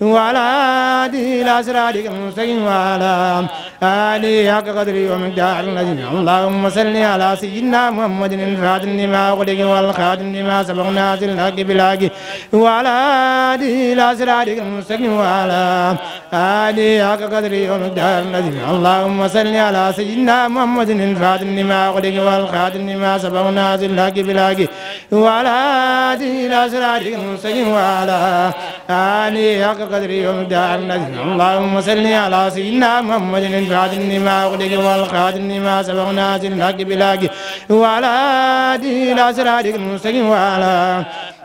وعلى هذه الأسرار المستقيم وعلى آله حق ومقدار الذين اللهم صل على سيدنا محمد الفاتح لما أغلق والخاتم لما سبق نازل لك بلاك وعلى هذه الأسرار المستقيم وعلى آله حق ومقدار الذين اللهم صل على سيدنا محمد الفاتح لما أغلق والخاتم لما سبق نازل لك بلاك وعلى هذه الأسرار المستقيم وعلى آله القدر ومقدار النذر اللهم صل على سيدنا محمد الفاتح لما أغلق والخاتم لما سبقنا ناس الحق بالحق وعلى دين إلى المستقيم وعلى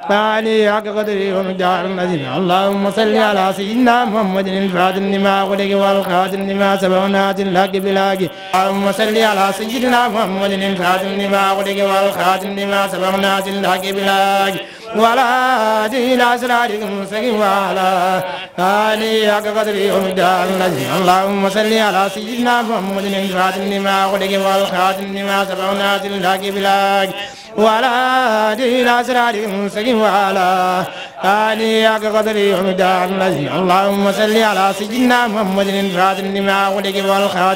فعلي حق قدري ومقدار النذير اللهم صل على سيدنا محمد الفاتح لما غلق والخاتم لما سبقنا ناس الحق بالحق اللهم صل على سيدنا محمد الفاتح لما غلق والخاتم لما سبقنا ناس الحق بالحق ولا دين أسراركم سكين ولا آلي أكبر ومدار الذي اللهم صل على سيدنا محمد الفاتح النماء خلق والخاتم لما سبقنا تلك بلاك ولا دين ولا آلي اللهم صل على سيدنا محمد خلق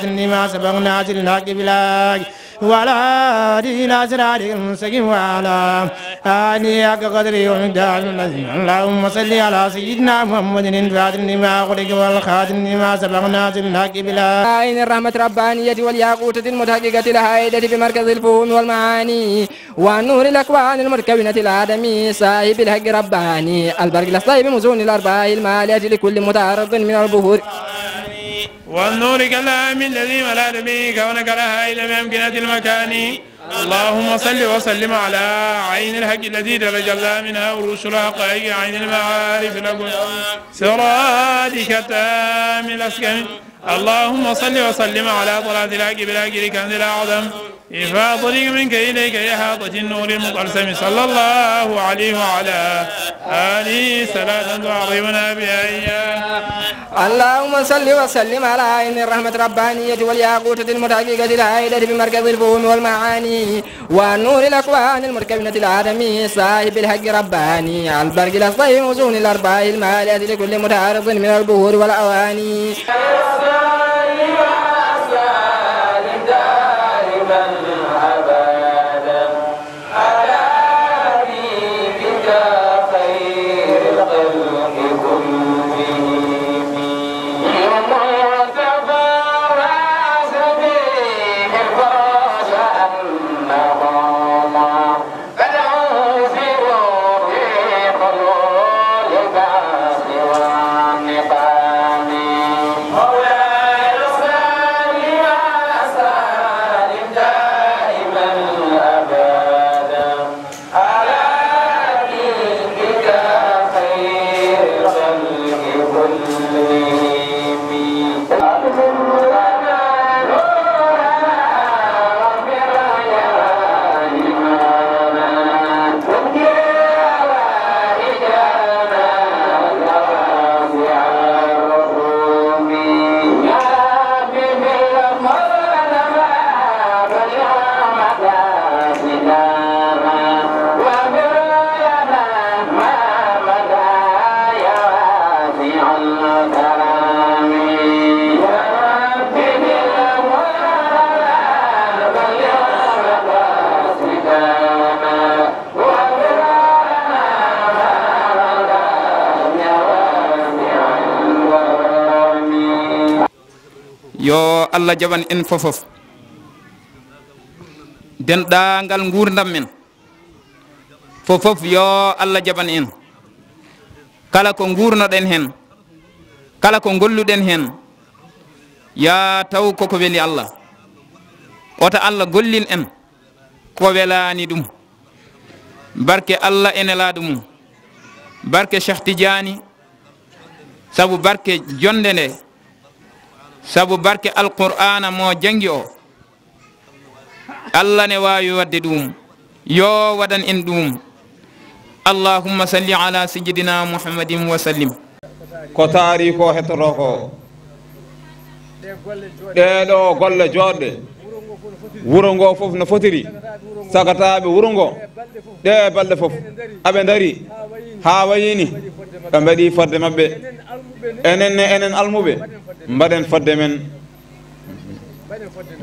بلاك ولا دين أسرارهم سجن ولا آني حق قدري ومدار الذي اللهم صل على سيدنا محمد الفاتن لما خلق والخاتم لما سبق نازل الحق بلا عين آية الرحمة ربانية والياقوتة المتحققة الهائدة بمركز الفهم والمعاني والنور الأكوان المركبنة الآدمي صاحب الحق رباني البرق الصايب مزون الأرباح المالية لكل متعرض من البهور ونورك اللهم الذي ملأت به كونك لها إلى ممكنة المكان اللهم صل وسلم على عين الحق الذي درج الله منها ورسل حقائق عين المعارف لكم سرادك التام الأسكن اللهم صل وسلم على طلعة الحق بالحق كنز الأعظم إيفاء طريق منك إليك يا حاطة النور المطلسم صلى الله عليه وعلى آله صلاة تعظمنا بها إياه اللهم صل وسلم على عين الرحمة الربانية والياقوتة المتحققة العائلة بمركز الفهم والمعاني ونور الأكوان المركبنة العالمي صاحب الحق رباني البرق الأصلي وزون الأرباع المالية لكل متعارض من البهور والأواني yo allah jaɓan en fofof denɗangal gurdam men fofof yo allah jaɓan en kala ko gurnoɗen hen kala ko golluɗen hen ya taw koko weli allah oto allah gollin en ko welani ɗum barke allah enelaɗo mum barke cheikh tidiani saabu barke jonde nde سبو بارك القرآن مو جنجي الله نوا يود دوم يو ودن ان دوم اللهم صل على سيدنا محمد وسلم كتاري كو هترو دلو غل جود ورونغو فوف نفوتري ساكتا بي ورونغو دي بلد فوف ابي ندري هاويني كمبدي فرد مبه انن انن المبه mbaɗen fodde men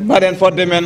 mbaɗen fodde men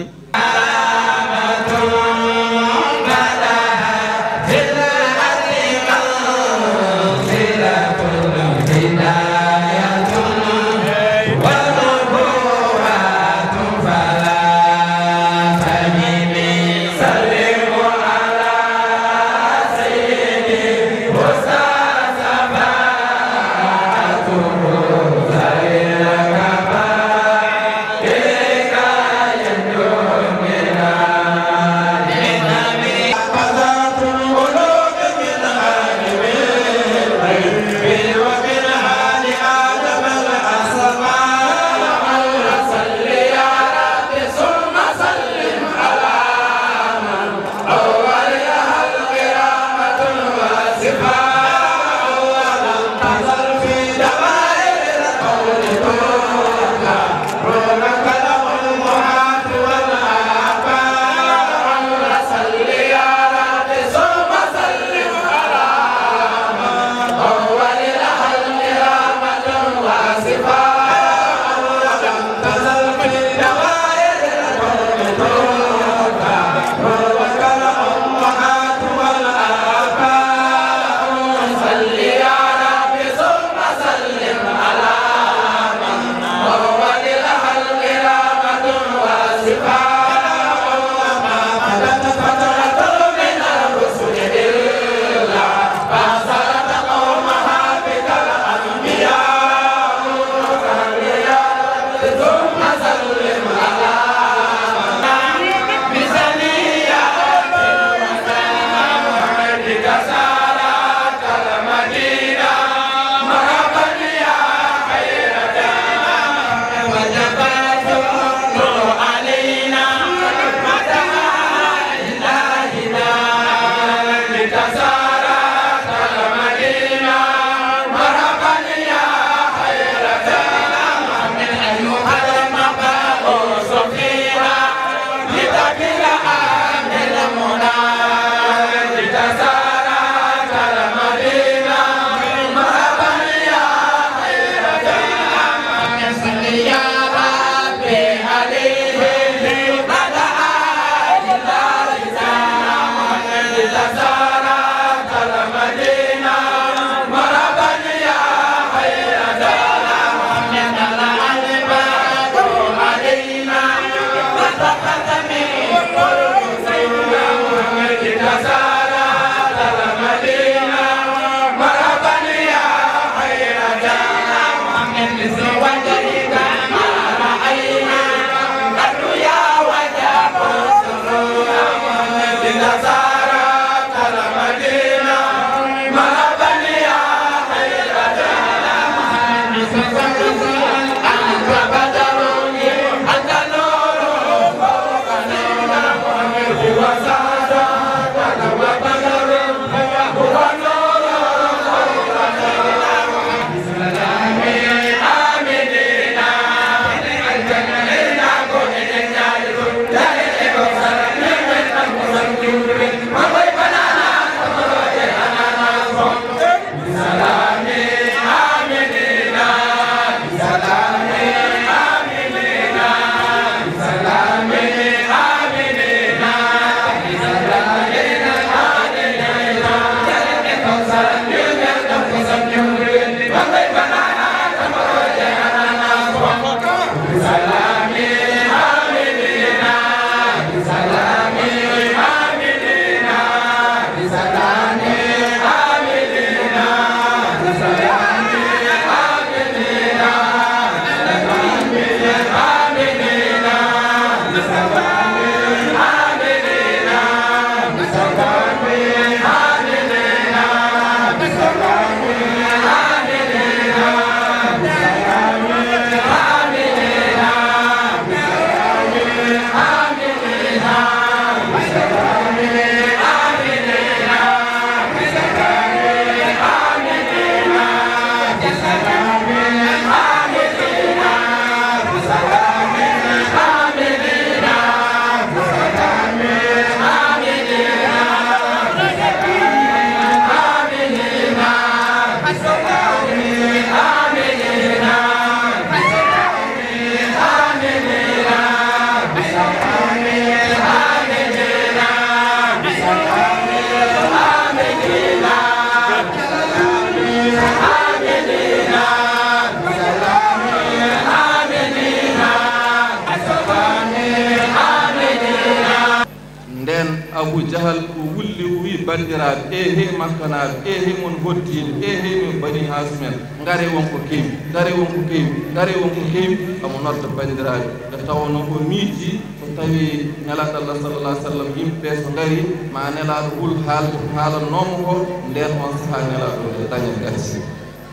bandiraɓe e he makkanaɓe e he mon gottiɗe e he min bani has men gaare wonko kewi gaare wonko kewi gaare wonko keewi amo nodda bandiraɓe nde tawno o miiji so tawi nelaaɗo allah sallallah sallam yimɓeɓe so ngari ma nelaaɗo wul haalde ko haalannomo ko nden on saaha nelaaɗo nde daña gasi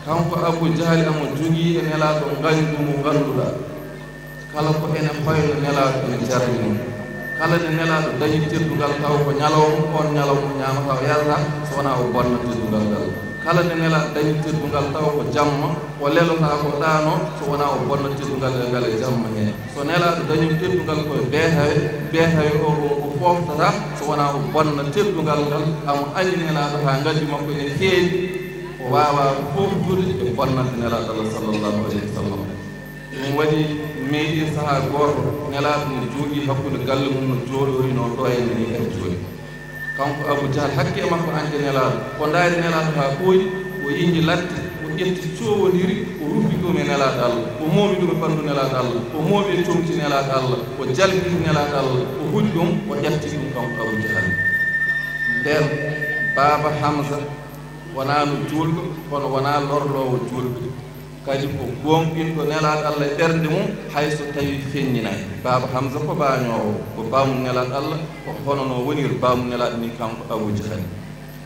kanko abou jaali amo jogii e nelaaɗo gandu mo ganduɗa kala ko ene fayno nelaaɗo ene jarani mo kala ne nelaɗo dañi teddugal taw ko ñalawma on ñalawma ñamataw yalta so wona o bonna teddugal ngal kala nde nela dañi teddugal taw ko jamma ko so wona o bonna teddugal e ngal jamma he so nelaɗo dañi teddugal koye beetawe beetawe o ko foftata so wona o bonna teddugal ngal amo andi e ɗum waɗi meeɗi sahaa gooto nelaaɗo no jooɗii hakkunde galle mum no jooɗorinoo ɗo en ni kadi jooni kanko abou dial hakke makko annde nelaaɗo ko ndaari nelaaɗo haa ɓooyi o yiñi latte o ƴetti coowondiri o rufi ɗum e nelaaɗo allah o moomi ɗum e fanndu nelaaɗo allah o moomi e comti nelaaɗo allah o jalbiti nelaaɗo allah o huɗi ɗum o ƴatti ɗum kanko abou dial nden baaba hamsa wonaa no juulɗo kono wonaa lorloowo juulɓe kadi ko gonɗinɗo nelaɗo allah e ɓernde mum hay so tawi feññinayi baaba hamsa ko bañowo ko bamum nelaɗo allah koko honono wonir bamum nelaɗo ni kanko awuji hali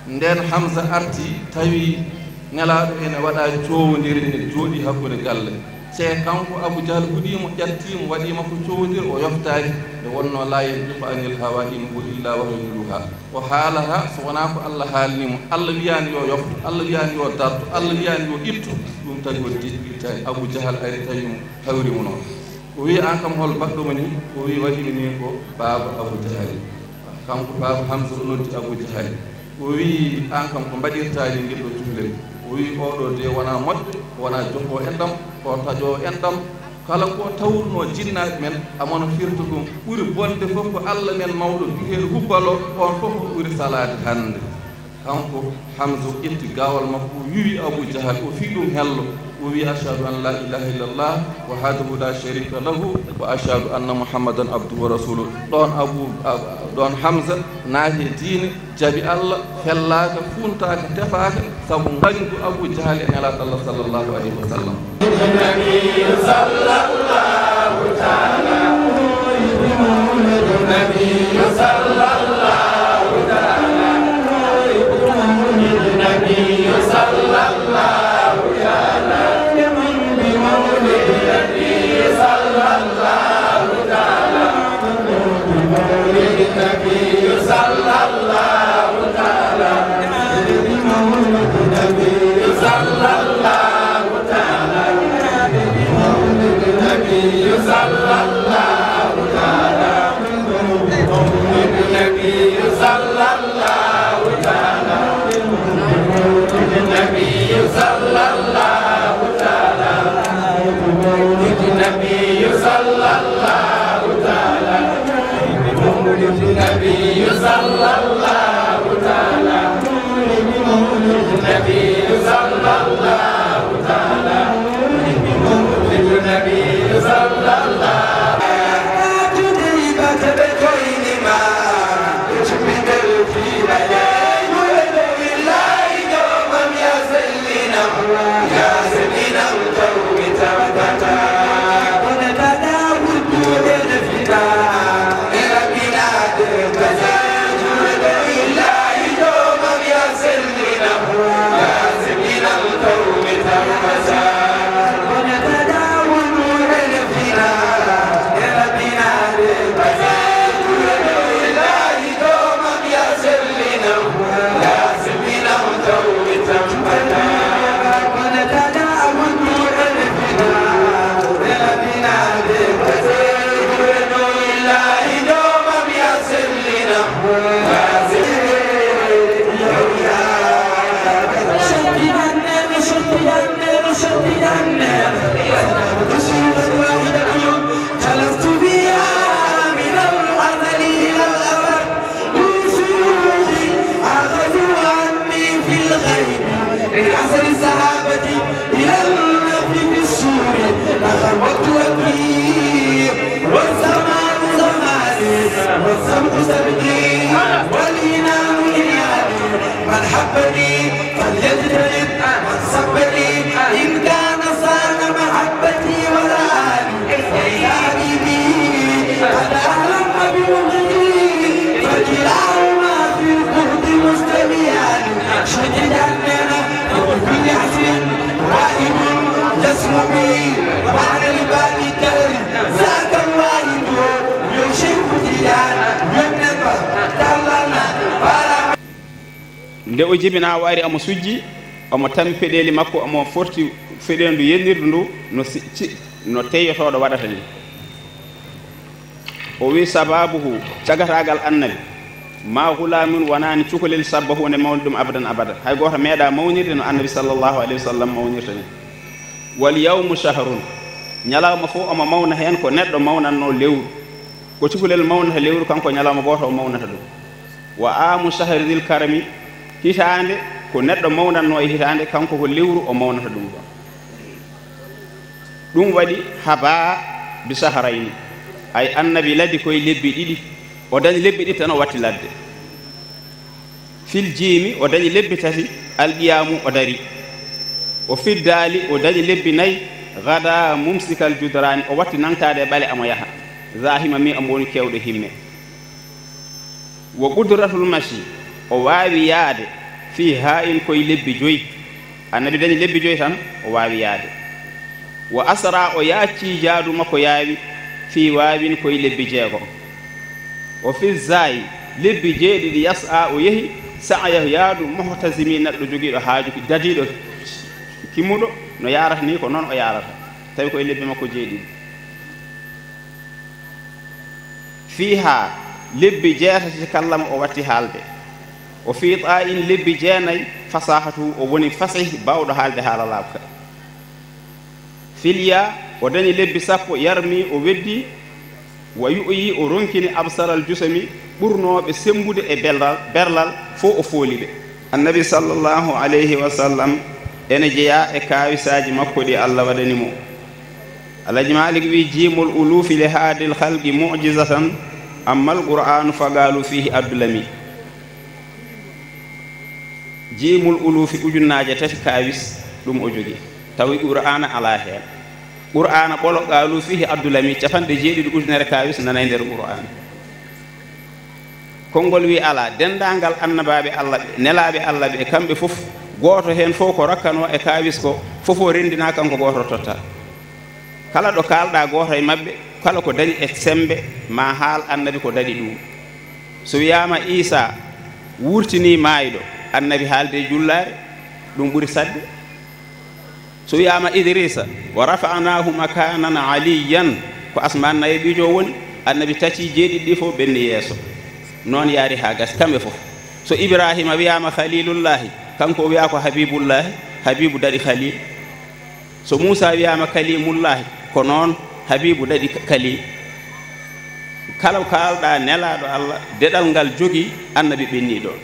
nden hamsa arti tawi nelaɗo ene waɗa cowodiri ne jooɗi hakkude galle se kanko aboujahal huɗimo ƴattimo waɗima ko cowodiri o yoftaki nde wonno la yantiqu anil hawa in hu illa wahyun yuha o haalata so wona ko allah haalnimo allah wiyani yo yoftu allah wiyani yo dartu allah wiyani yo ittu tawi o ta abou diahal ari tawim hawrimu noon o wii an kam hol mbaɗɗomo ni o wii waɗini min ko baaba abou diahali kanko baaba hamsa o noddi abou diahali o wii an kam ko mbaɗirtaani ngel ɗo tuhlel o wii oɗo de wona moƴɓe wona joɓo enɗam ko taƴoo enɗam kala ko tawruno jinnaaɓe men amono firta ɗum ɓuri bonde fof ko allah men mawɗo duheeɗo hubbal o on fof ko ɓuri salaade hannde كامبور حمزه انتقاو المقبول يوي ابو جهل وفيكم هل ووي اشهد ان لا اله الا الله وحده لا شريك له واشهد ان محمدا عبده ورسوله دون ابو دون حمزه ناهي دين جابي الله خلاك فونتاك تفاك سبو بانك ابو جهل ان الله صلى الله عليه وسلم. النبي صلى الله تعالى النبي صلى الله الصحابة إلى النبي في السور نخوت وكي والزمان زماني والسمع سمعي والإنام إنامي من حبني فليجتنب من صبني إن كان صان محبتي ولا يا حبيبي قد أهلم بوجدي فجلاه ما في البهد مستمعا شديدا من نعس nde o jibina waari omo sujji omo tami makko omo forti feɗendu yennirdu ndu no no teyotoɗo waɗata ni o wi sababuhu cagatagal annabi ma hulamun wonani cukalel sabba hunde mawni ɗum abadan abada hay goto meeɗa mawnirde no annabi sallllahu alayhi wa sallam mawnirta ni wal yawmu sahrun ñalawma fo omo mawna hen ko neɗɗo mawnanno lewru ko cukalel mawnata lewru kanko ñalawma goto o mawnata ɗum wa amu sahridil karami hitande ko neɗɗo mawnanno e hitande kanko ko lewru o mawnata ɗum ɗon ɗum waɗi haba bi sahrayni ay annabi ladi koye lebbi ɗiɗi o dañi lebbi ɗi tan o watti ladde fil jiimi o dañi lebbi tati alƴiyamu o dari o fiddaali o dañi lebbi nayi gada mumsikal judrani o watti nantade e ɓale amo yaha zahima mi omo woni kewɗo himme wo qudratul machi o wawi yaade fi ha in koye lebbi joyi annabi dañi lebbi joyi tan o wawi yaade wo asra o yacci jaadu makko yaawi fi wawin koye lebbi jeegom o filzayi lebbi jeeɗiɗi yasa o yehi sayahu yaadu mohtasimi neɗɗo jogiiɗo haaju dadiiɗo kimmuɗo no yarata ni ko noon o yarata tawi koye lebbi makko jeeɗiɗi fiiha lebbi jeetati kallama o watti haalde o fiita in lebbi jeenayi fasahatu o woni fasih bawɗo haalde haala laabka filya o dañi lebbi sappo yarmi o weddi ويؤي رنكني أبصر الجسمي برنو بسمبود برلال, فو أفولي النبي صلى الله عليه وسلم أنا جاء إكاوي ساج مكودي الله ودنمو على جمالك جيم الألوف لهذه الخلق معجزة أما القرآن فقالوا فيه أبلمي جيم الألوف أجن ناجة لم أجدي تاوي القرآن على هذا qur'ana ɓolo ngaalu fihi abdoulami capanɗe jeeɗiɗi ujunere kawis nana e nder qur'ana konngol wi ala dendangal annabaɓe allah ɓe nelaɓe allah ɓe kamɓe fof goto hen fof ko rakkano e kawis ko fof o rendina kanko goto totta kala ɗo kalɗa goto e mabɓe kala ko dañi e sembe ma haal annabi ko daɗi ɗum so wiyama issa wurtini maayɗo annabi haalde e jullare ɗum ɓuuri sadde سوياما إدريس ورفعناه مكانا عليا فأسمان النبي جوون النبي تاتي جيدي ديفو بن يسو نون ياري هاجس كم فوف سو إبراهيم وياما خليل الله كم كانكو وياكو حبيب الله حبيب داري خليل سو موسى so كليم الله كنون حبيب داري كليم ɗaɗi kali kala kalɗa nelaɗo allah deɗal ngal jogii annabi ɓenni ɗon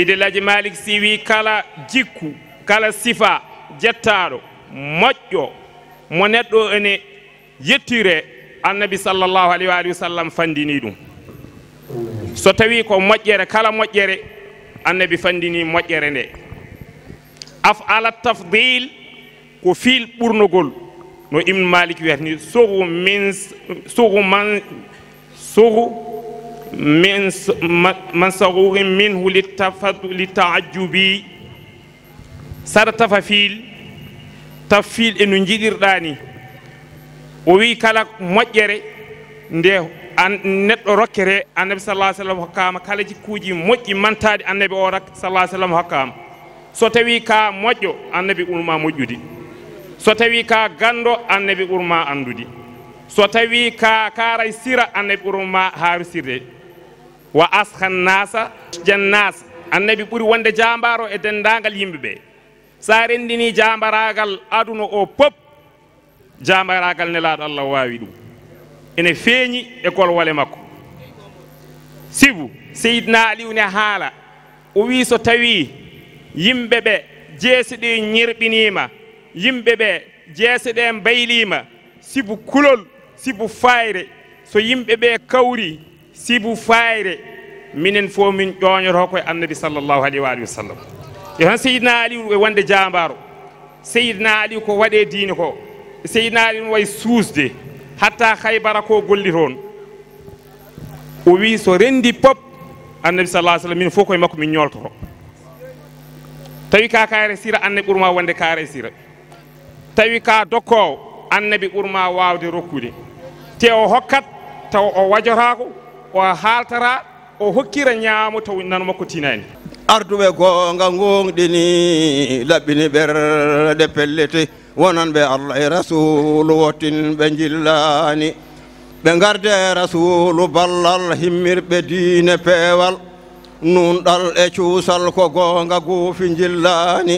sidi laji malik si kala jikku kala sifa jettaaɗo moƴƴo mo neɗɗo ene yettire annabi sallllahu alayhi wa alihi wa sallam fandini ɗum so tawi ko moƴƴere kala moƴƴere annabi fandini moƴƴere nde af ala tafdil ko fiil ɓurnugol no ibnu malik wiyatni suhu min suhu man suhu min man sahurin minhu litaajubi saɗa tafa fiil taffiil e no jiɗirɗa ni o wi kala moƴƴere nde neɗɗo rokkere annabi salah sallam hokkama kala jikkuji moƴƴi mantade annabi o rak salah sallam hokkama so tawi ka moƴƴo annabi ɓurma moƴƴude so tawi ka gando annabi ɓurma andude so tawi ka kara sira annabi ɓurma haru sirde wa ashan nasa jan nasa annabi ɓuuri wonde jambar o e dendagal yimɓe ɓe sa rendini jambaragal aduna o pop jambaragal nelaɗo allah wawi ɗum ene feeñi e kolwale makko sibu seydna aliu ne haala o wi so tawi yimɓe ɓe jeese ɗe ñerɓinima yimɓe ɓe jeese ɗe baylima sibu kulol sibu fayre so yimɓe ɓe kawri sibu fayre minen fo min ƴoñoto koye annabi sallllahu alayhi wa alihi wa sallam yo tan seydina ali e wonde jambaro seydina ali ko waɗe diine ko seydina ali no way suusde hatta haybara ko golli toon o wi so rendi pop annabi salla sallam min fof koye makko min ñoltoto tawi ka kaare sira annabi ɓurma wonde kaare sira tawi ka dokkowo annabi ɓurma wawde rokkude te o hokkat taw o wajotako o haaltara o hokkira ñaamo taw nanoma ko tinani artuɓe ko nga gonɗini laɓɓini ɓerɗe pellete wonan ɓe allah e rasulu wottin ɓe jillani ɓe garde rasulu ballal himmirɓe diine peewal nunɗal e cuusal ko gonga guufi jillani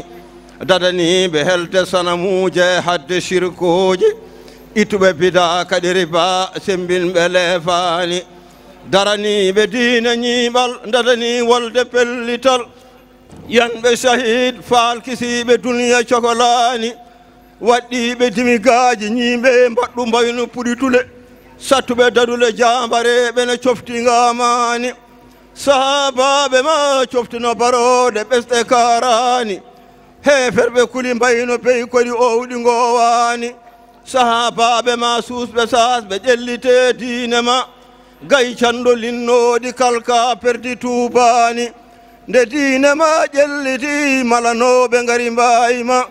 dadaniɓe helde sanamuje e hadde sirkuji ittuɓe bida kadi riba sembinɓe leefani daraniɓe diina ñiiɓal dadani wolde pellital yanɓe sahid falkisiɓe duniya cokolaani waɗɗiɓe dimigaaji ñiiɓe mbaɗɗu mbayno puɗitule sattuɓe dadule jambareɓe ne coftingamaani sahabaɓe ma coftino baroɗe ɓesɗe karaani heferɓe kuli mbayno bey kodi owɗi ngowaani sahabaɓe ma suusɓe sasɓe ƴellite diine ma gay cando linnoɗi kalka perdi tubani nde dinema ƴelliti malanoɓe gari mbayima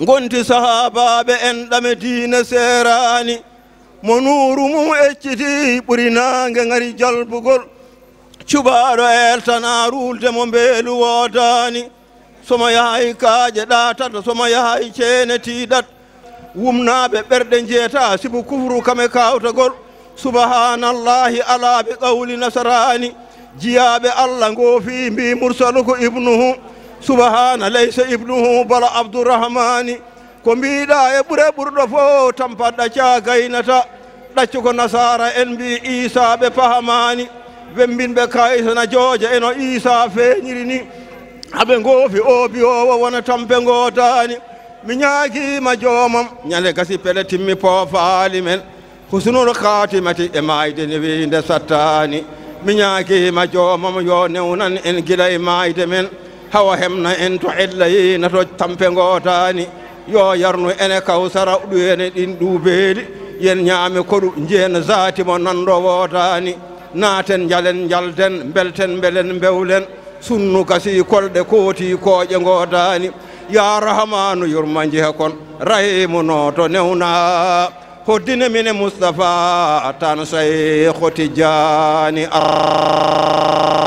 gonti sahabaɓe en ɗame dine serani mo nuru mum ecciti ɓurinague gari jalbugol cuɓaɗo eltana rulde mo mbelu wodani somo yahay kaaje ɗatat somo yahay ceene tiɗat wumnaɓe ɓerɗe jeeta sibu kufru kame kawtagol subhanallahi ala ɓe qawli nasarani jiyaɓe allah ngo fi mbi mursalu ko ibnuhu subhana laysa ibnuhu bala abdourahmani ko mbiɗa e ɓure ɓurɗo fo tampatɗa cagaynata ɗaccu ko nasara en mbi isa ɓe pahamani wembinɓe na jooja eno isa feeñiri ni haɓe goofi oobi owo wona tampe ngootani mi ñaagima joomam ñande gasi pele timmi poofaali men husnuru khatimati e mayde ne winde sattani miñakima jomam yo newnan en gila e mayde men hawa hemna en to illayina to tampe gotani yo yarnu ene kawsara ɗuyene ɗin ɗuɓeli yen ñaami koɗu jeena zatimo nando wotani naaten jalen jalden belten belen bewlen sunnu gasi kolɗe kooti kooƴe gotani ya rahamanu yurma jeha kon rahimu noto newnaa هدن من مصطفى تنسيخ تجاني